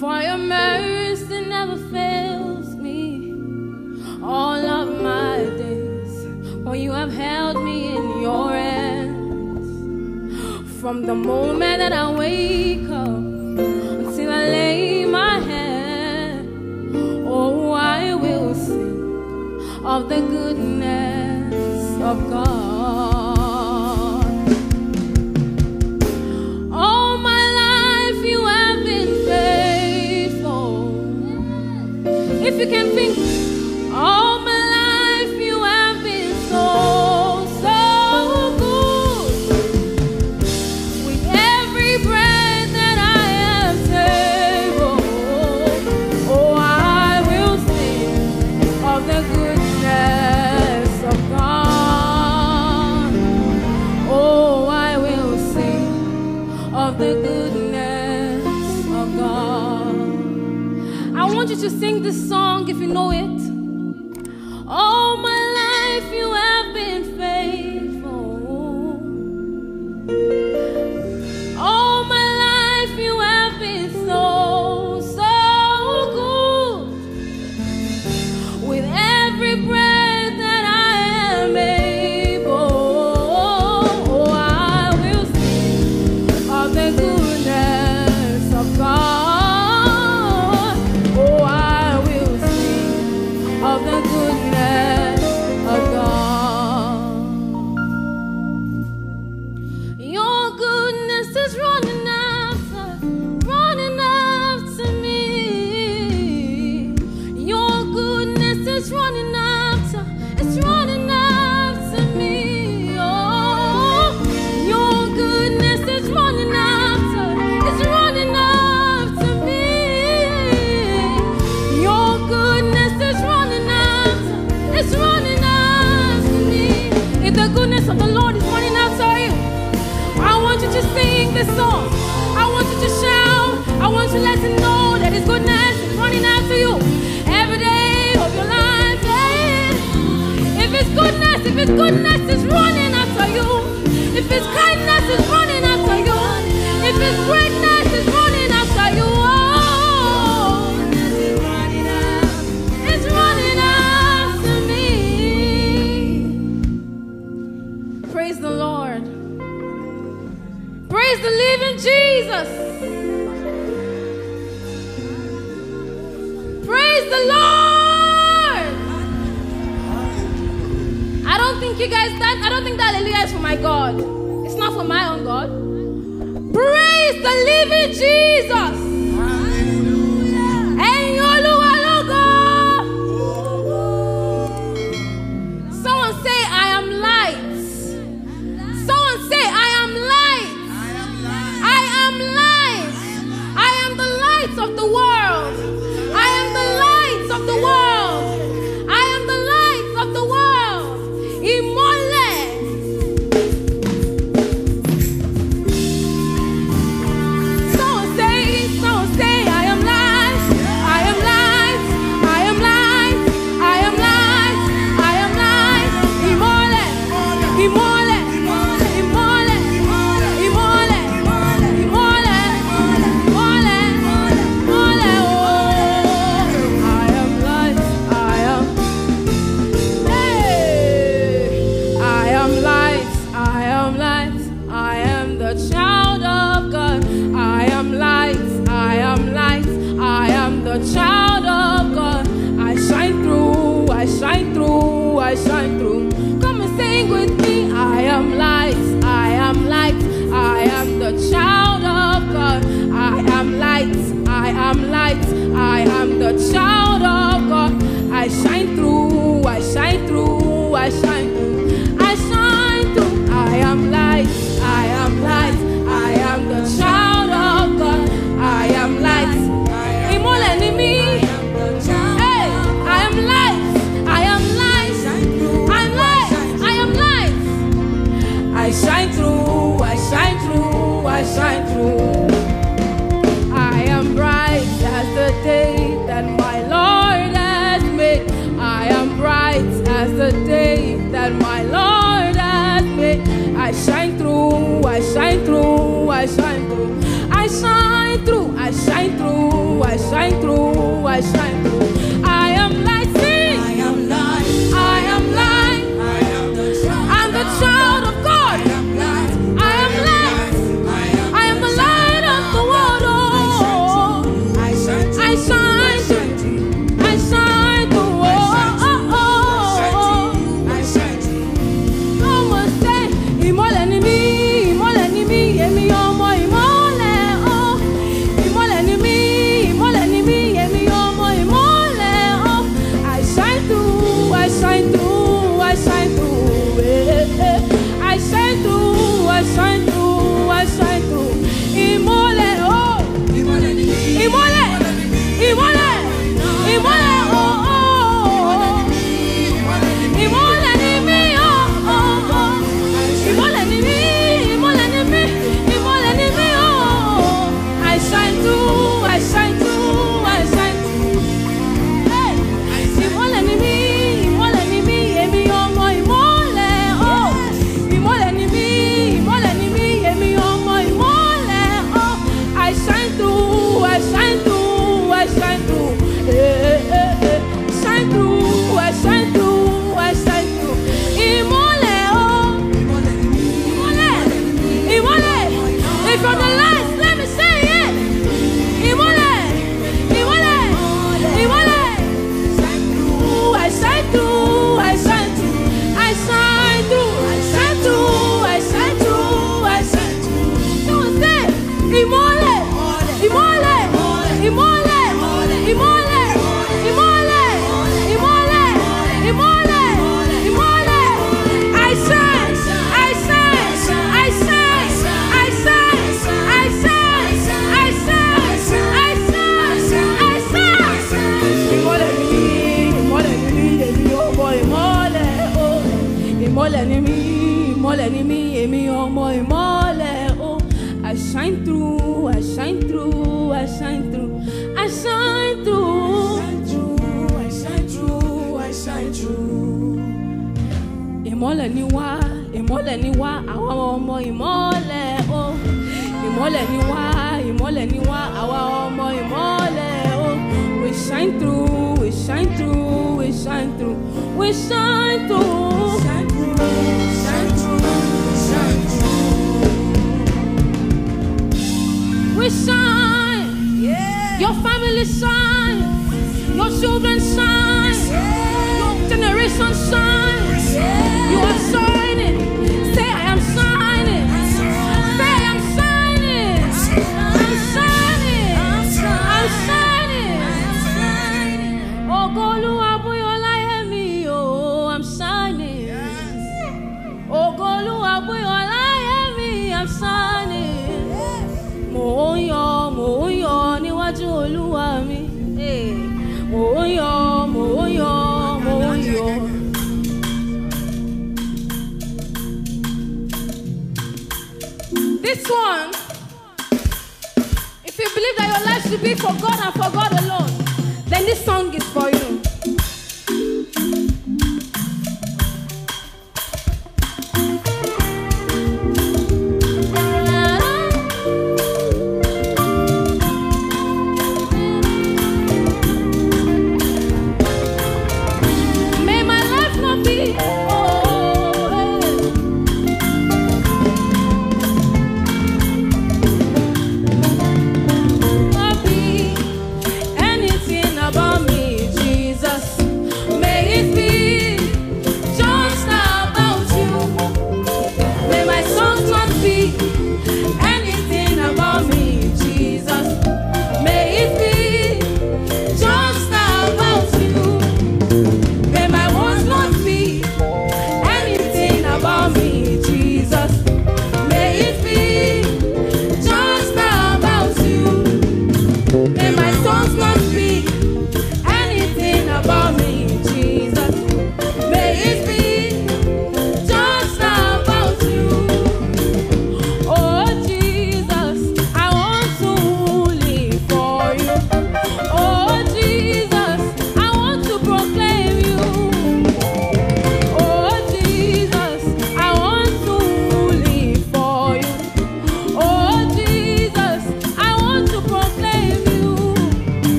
For your mercy never fails me all of my days. For you have held me in your hands. From the moment that I wake up until I lay my head, oh, I will sing of the goodness of God. you sing this song if you know it. the goodness of the Lord is running after you. I want you to sing this song. I want you to shout. I want you to let him know that his goodness is running after you. Every day of your life, yeah. If his goodness, if his goodness is running after you. If his kindness is running after you. If his greatness is running is the living Jesus. Praise the Lord. I don't think you guys that I don't think that hallelujah is for my God. It's not for my own God. Praise the living Jesus. ìmọ́lẹ̀ ni mí èmi ọmọ ìmọ́lẹ̀ o I shine through I shine through I shine through I shine through I shine through I shine through. ìmọ́lẹ̀ ni wá ìmọ́lẹ̀ ni wá àwa ọmọ ìmọ́lẹ̀ o ìmọ́lẹ̀ ni wá ìmọ́lẹ̀ ni wá àwa ọmọ ìmọ́lẹ̀ o we shine through we shine through we shine through we shine through. family Yeah. Your family son, Your children son, Yeah. Your generation son.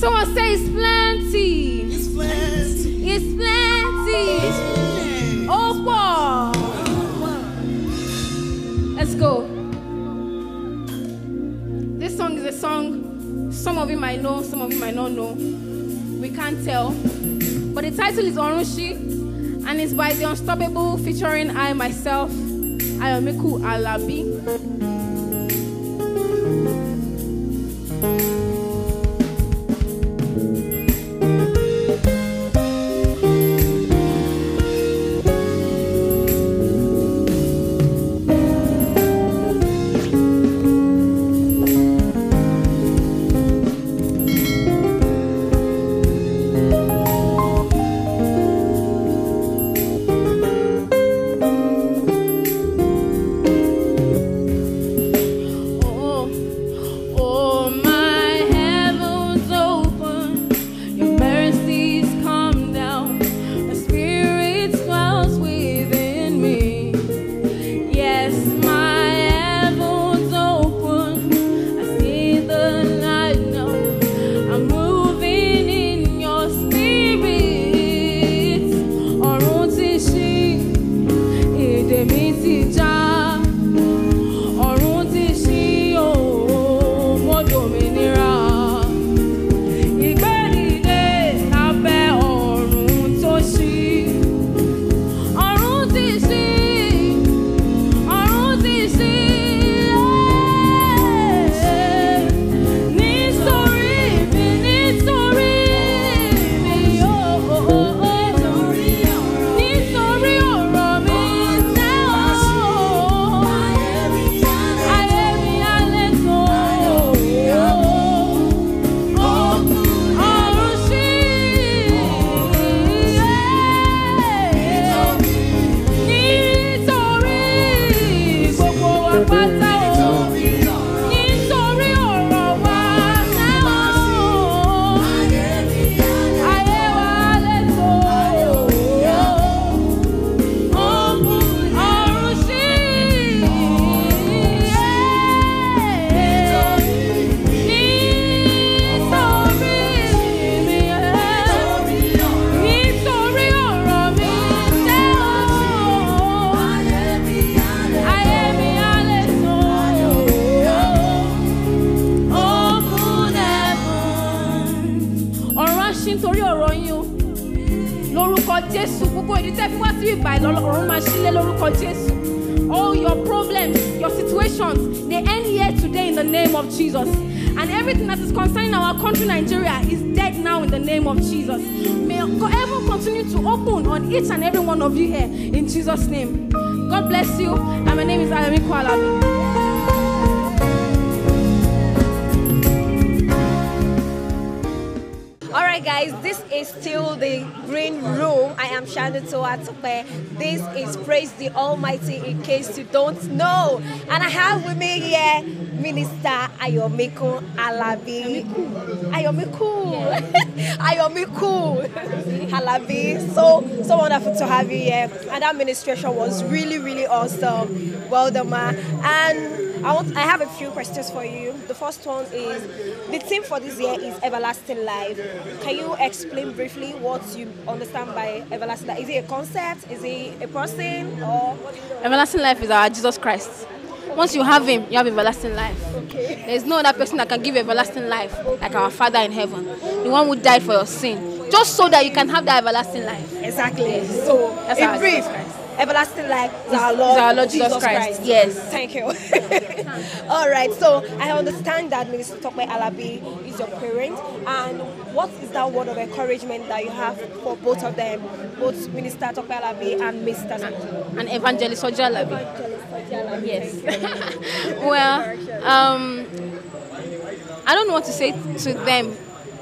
So I say it's plenty. It's plenty. It's plenty. Oh, wow. Let's go. This song is a song some of you might know, some of you might not know. We can't tell. But the title is Onushi, and it's by The Unstoppable featuring I myself, Ayomiku Alabi. máa sílẹ̀ lórúkọ Jésù. All your problems, your situations, they end here today in the name of Jesus. And everything that is concerning our country, Nigeria, is dead now in the name of Jesus. May heaven continue to open on each and every one of you here in Jesus' name. God bless you. And my name is Ayemi Kualabi. guys, this is still the Green Room. I am Shanda Toatupe. This is Praise the Almighty in case you don't know. And I have with me here Minister Ayomiku Alabi. Ayomiku. Ayomiku Alabi. So so wonderful to have you here. And that administration was really, really awesome. Well done, ma. And I, want, I have a few questions for you. The first one is the theme for this year is everlasting life. Can you explain briefly what you understand by everlasting life? Is it a concept? Is it a person? Or everlasting life is our Jesus Christ. Once you have him, you have everlasting life. Okay. There's no other person that can give everlasting life like our Father in heaven, the one who died for your sin, just so that you can have that everlasting life. Exactly. Yes. So, That's in brief, everlasting life is our Lord, our Lord Jesus, Jesus Christ. Christ. Yes. Thank you. All right. So I understand that Minister Tokwe Alabi is your parent, and what is that word of encouragement that you have for both of them, both Minister Tokwe Alabi and Mr. and Evangelist Oja Alabi? Yes. well, um, I don't know what to say to them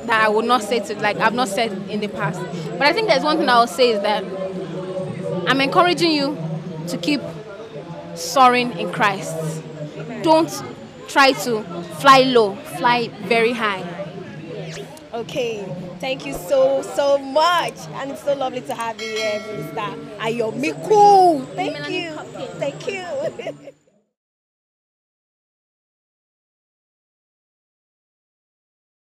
that I would not say to like I've not said in the past, but I think there's one thing I will say is that I'm encouraging you to keep soaring in Christ. Don't try to fly low, fly very high. Okay, thank you so, so much. And it's so lovely to have you here, Minister Ayomiku. Thank you. Thank you.